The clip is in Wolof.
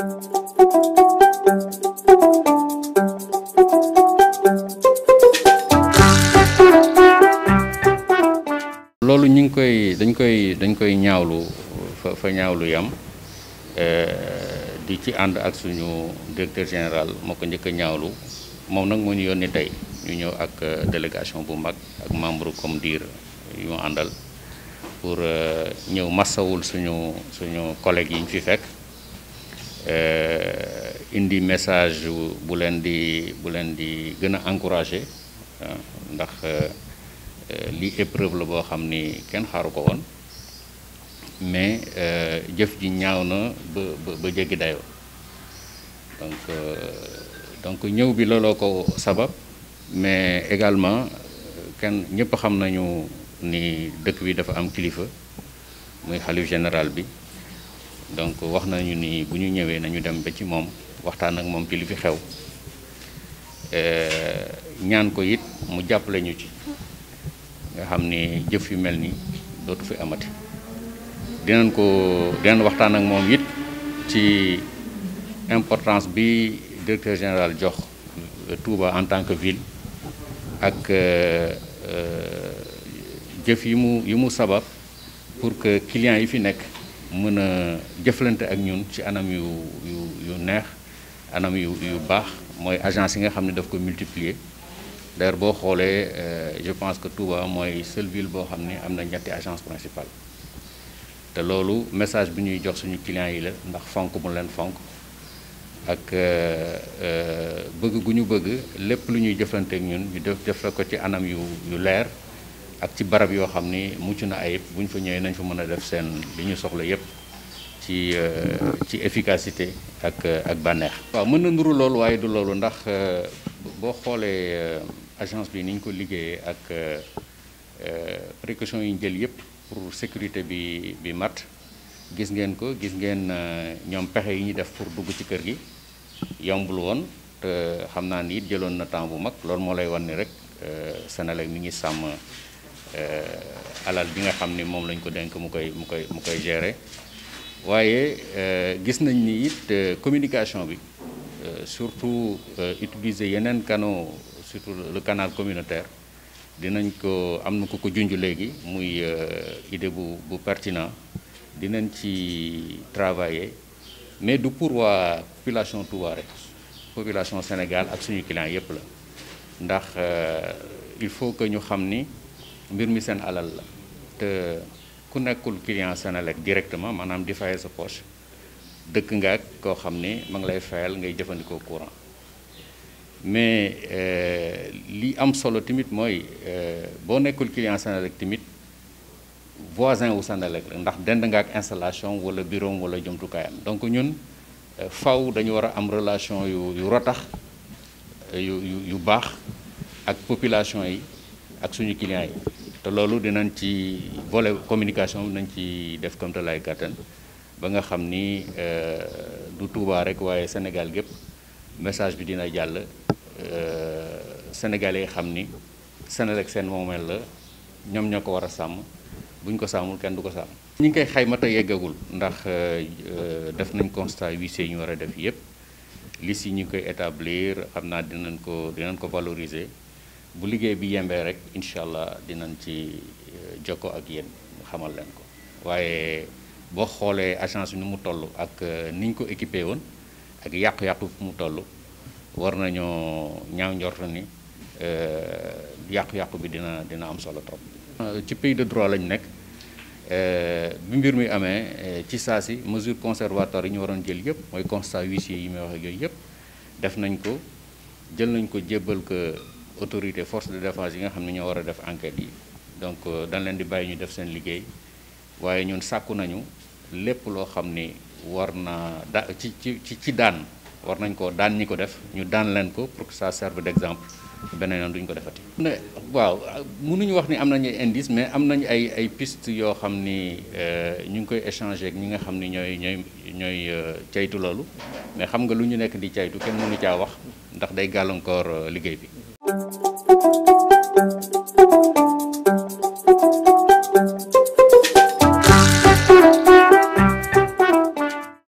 loolu ñu ngi koy dañ koy dañ koy ñaawlu fa fa ñaawlu yam eh, di ci ànd ak suñu directeur général moo ko njëkk a ñaawlu moom nag moo yoon yónni tey ñu ñëw ak eh, délégation bu mag ak membre comme dire yu àndal pour eh, ñëw massawul suñu suñu collègues yi ñu fi fekk Euh, indi message bu leen di bu leen di gën a encouragé ndax euh, euh, lii épreuve la boo xam ni kenn xaaru ko woon mais jëf ji ñaaw na ba ba jéggi dayoo donc ñëw bi looloo ko sabab mais également kenn ñëpp xam nañu ni dëkk bi dafa am kilifa muy xalif général bi donc wax nañu ni bu ñu ñëwee nañu dem ba ci moom waxtaan ak moom ci li fi xew euh, ñaan ko it mu jàppale ñu ci nga xam ni jëf yu mel ni dootu fi amati dinañ ko dinañ waxtaan ak moom it ci importance bi directeur général jox Touba en tant que ville ak euh, euh, jëf yi mu yi mu sabab pour que clients yi fi nekk mën a jëflante ak ñun ci anam yu yu yu neex anam yu yu baax mooy agence yi nga xam ne daf ko multiplier d'ailleurs boo xoolee euh, je pense que Touba mooy seule boo xam ne am na ñetti agence principale te loolu message bu ñuy jox suñu clients yi la ndax fonk mu leen fonk ak euh, euh, bëgg gu ñu bëgg lépp lu ñuy jëflante ak ñun ñu def def ko ci anam yu yu leer ak ci barab yoo xam ni mucc na ayib bu ñu fa ñëwee nañ fa mën a def seen li ñu soxla yépp ci euh, ci efficacité ak ak bànneex. waaw mën na nuru loolu waaye du loolu ndax euh, boo xoolee euh, agence bi ni ñu ko liggéeyee ak précaution yi ñu jël yépp pour sécurité bi bi mat gis ngeen ko gis ngeen ñoom pexe yi ñu def pour dugg ci kër gi yombul woon te xam naa ni it jëloon na temps bu mag loolu moo lay wan ni rek Senelec mi ngi sàmm. Euh, alal bi nga xam ni moom lañ ko denk mu koy mu koy mu koy gérer waaye euh, gis nañ ni it euh, communication bi surtout utiliser yeneen kano surtout le canal communautaire dinañ ko am na ku ko junj léegi muy idée bu bu pertinent dinañ ci travailler mais du pour waa population Touba population Sénégal ak suñu client yépp la ndax il faut que ñu xam ni mbir mi seen alal la te ku nekkul client Senelec directement maanaam di fayee sa poche dëkk nga ak koo xam ni ma ngi lay fayal ngay jëfandikoo courant mais euh, li am solo tamit mooy euh, boo nekkul client Senelec tamit voisin wu Senelec la ndax dend nga ak installation wala bureau wala jumtukaayam donc ñun euh, faw dañu war a am relation yu yu rotax yu yu baax ak population yi ak suñu clients yi te loolu dinañ ci volet communication bi nañ ci def comme te lay kàttan ba nga xam ni euh, du Touba rek waaye Sénégal gépp message bi dina jàll euh, sénégalais yi xam ni Senelec seen moomeel la ñoom ñoo ko war a sàmm buñ ko sàmmul kenn du ko sàmm. ñu ngi koy xayma te yeggagul ndax euh, def nañ constat huissier ñu war a def yëpp liste yi ñu koy établir xam naa dinañ ko dinañ ko valoriser. bu liggéey bi yembee rek incha allah dinañ ci euh, ko ak yéen xamal leen ko waaye boo xoolee agence bi ni mu toll ak euh, niñ ko équipé woon ak yàqu-yàqu mu toll war nañoo ñaaw njort ni euh, yàqu-yàqu bi dina dina am solo trop. ci pays de droit lañ nekk bi mbir mi amee ci saa si mesure conservatoire yi ñu waroon jël yëpp mooy constat huissier yi may wax ak yooyu yëpp def nañ ko jël nañ ko jébbal ko. autorité force de défense yi nga xam ne ñoo war a def enquête yi donc euh, dañ leen di bàyyi ñu def seen liggéey waaye ñun sàkku nañu lépp loo xam ni war na da ci ci ci daan war nañ ko daan ñi ko def ñu daan leen ko pour que ça serve d'exemple beneen yoon duñ ko defati. ne waaw mënuñu wax ni am nañu indice mais am nañu ay ay piste yoo xam ni euh, ñu ngi koy échanger ak ñi nga xam ni ñooy ñooy ñooy euh, caytu loolu mais xam nga lu ñu nekk di caytu kenn mënu caa wax ndax day gàllankoor liggéey bi. thank you